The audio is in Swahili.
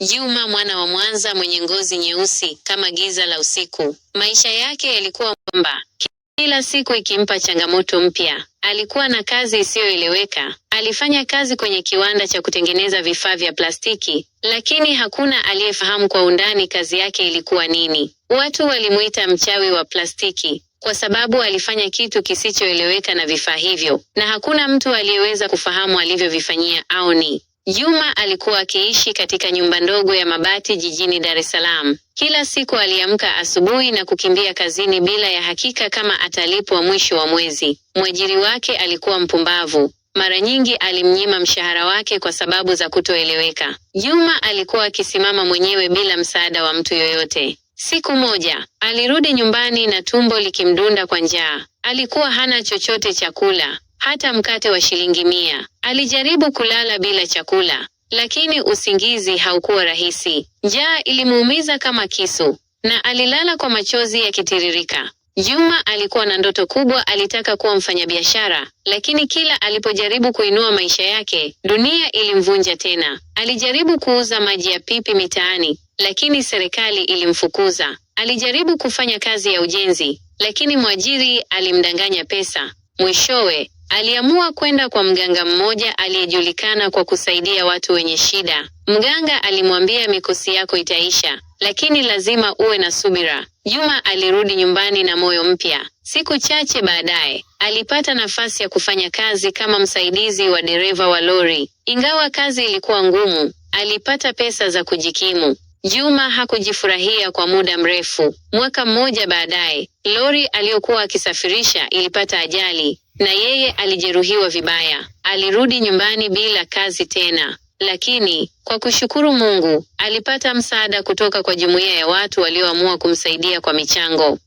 Juma mwana wa Mwanza mwenye ngozi nyeusi kama giza la usiku. Maisha yake yalikuwa mwamba, kila siku ikimpa changamoto mpya. Alikuwa na kazi isiyoeleweka. Alifanya kazi kwenye kiwanda cha kutengeneza vifaa vya plastiki, lakini hakuna aliyefahamu kwa undani kazi yake ilikuwa nini. Watu walimuita mchawi wa plastiki kwa sababu alifanya kitu kisichoeleweka na vifaa hivyo, na hakuna mtu aliyeweza kufahamu alivyovifanyia au ni Juma alikuwa akiishi katika nyumba ndogo ya mabati jijini Dar es Salaam. Kila siku aliamka asubuhi na kukimbia kazini bila ya hakika kama atalipwa mwisho wa mwezi. Mwajiri wake alikuwa mpumbavu. Mara nyingi alimnyima mshahara wake kwa sababu za kutoeleweka. Juma alikuwa akisimama mwenyewe bila msaada wa mtu yoyote. Siku moja alirudi nyumbani na tumbo likimdunda kwa njaa. Alikuwa hana chochote cha kula hata mkate wa shilingi mia. Alijaribu kulala bila chakula, lakini usingizi haukuwa rahisi. Njaa ilimuumiza kama kisu, na alilala kwa machozi yakitiririka. Juma alikuwa na ndoto kubwa, alitaka kuwa mfanyabiashara, lakini kila alipojaribu kuinua maisha yake, dunia ilimvunja tena. Alijaribu kuuza maji ya pipi mitaani, lakini serikali ilimfukuza. Alijaribu kufanya kazi ya ujenzi, lakini mwajiri alimdanganya pesa. Mwishowe Aliamua kwenda kwa mganga mmoja aliyejulikana kwa kusaidia watu wenye shida. Mganga alimwambia mikosi yako itaisha, lakini lazima uwe na subira. Juma alirudi nyumbani na moyo mpya. Siku chache baadaye, alipata nafasi ya kufanya kazi kama msaidizi wa dereva wa lori. Ingawa kazi ilikuwa ngumu, alipata pesa za kujikimu. Juma hakujifurahia kwa muda mrefu. Mwaka mmoja baadaye, lori aliyokuwa akisafirisha ilipata ajali na yeye alijeruhiwa vibaya. Alirudi nyumbani bila kazi tena, lakini kwa kushukuru Mungu alipata msaada kutoka kwa jumuiya ya watu walioamua kumsaidia kwa michango.